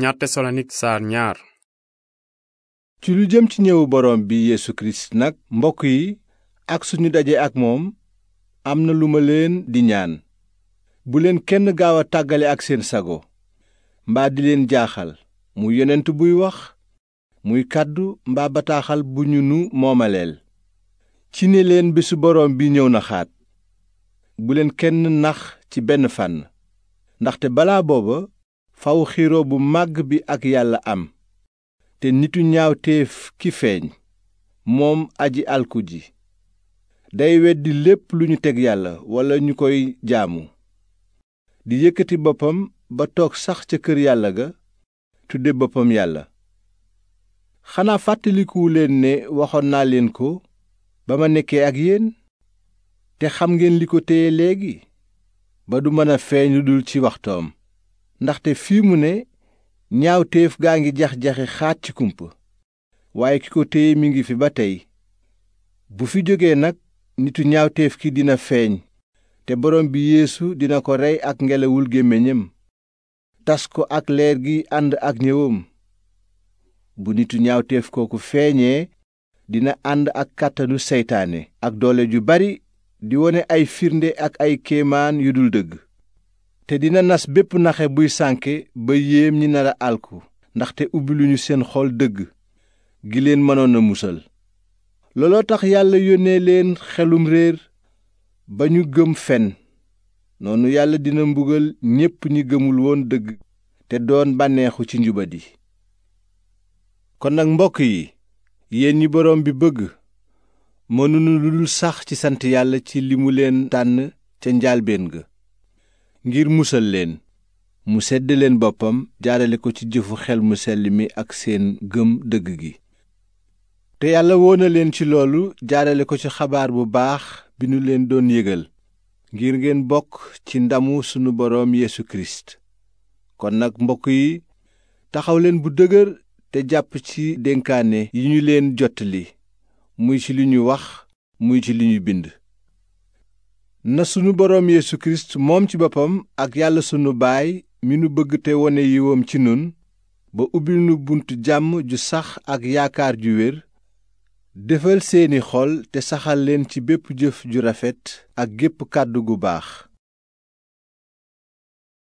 ñaar tesalonik ñaar ci lu jëm ci ñëwu boroom bi yeesu kirist nag mbokk yi ak suñu daje ak moom am na lu ma leen di ñaan bu leen kenn gaaw a tàggale ak seen sago mbaa di leen jaaxal mu yonent buy wax muy kàddu mbaa bataaxal bu ñu nu moomaleel ci ne leen bésu boroom bi ñëw na xaat buleen kenn nax ci benn fànn ndaxte balaa booba faw xiroo bu màgg bi ak yàlla am te nitu ñaawteef ki feeñ moom aji alku ji day weddi lépp lu ñu teg yàlla walla ñu koy jaamu di yëkkati boppam ba toog sax ca kër yàlla ga tudde boppam yàlla xanaa fàttalikuwu leen ne waxoon naa leen ko ba ma nekkee ak yéen te xam ngeen li ko téye léegi ba du mën a feeñ lu dul ci waxtoom ndaxte fii mu ne ñaawteef gaa ngi jax-jaxe xaat ci kumpa waaye ki ko téye mi ngi fi ba tey bu fi jógee nag nitu ñaawteef ki dina feeñ te borom bi yeesu dina ko rey ak ngelawul gémmiñam tas ko ak leer gi ànd ak ñëwam bu nitu ñaawteef kooku feeñee dina ànd ak kàttanu seytaane ak doole ju bari di wone ay firnde ak ay kéemaan yu dul dëgg te dina nas bépp naxe buy sànke ba yéem ñi nar a alku ndaxte ubbi luñu seen xool dëgg gileen leen mënoon a musal looloo tax yàlla yónnee leen xelum réer ba ñu gëm fen noonu yàlla dina mbugal ñépp ñi gëmul woon dëgg te doon bànneexu ci njubadi kon nag mbokk yi yeen ñi boroom bi bëgg mënunu lu dul sax ci sant yàlla ci li mu leen tànn ca njaalbeen ga ngir musal leen mu sedd leen boppam jaarale ko ci jëfu xel mu sell mi ak seen gëm dëgg gi te yàlla woona leen ci loolu jaarale ko ci xabaar bu baax bi nu leen doon yëgal ngir ngeen bokk ci ndamu sunu boroom Yeesu Kirist kon nag mbokk yi taxaw leen bu dëgër te jàpp ci dénkaane yi ñu leen jot li muy ci li ñu wax muy ci li ñu bind na sunu boroom Yeesu Kirist moom ci boppam ak yàlla sunu baay mi nu bëgg te wone yiwam ci nun ba ubbil nu buntu jàmm ju sax ak yaakaar ju wér defal seeni xol te saxal leen ci bépp jëf ju rafet ak gépp kàddu gu baax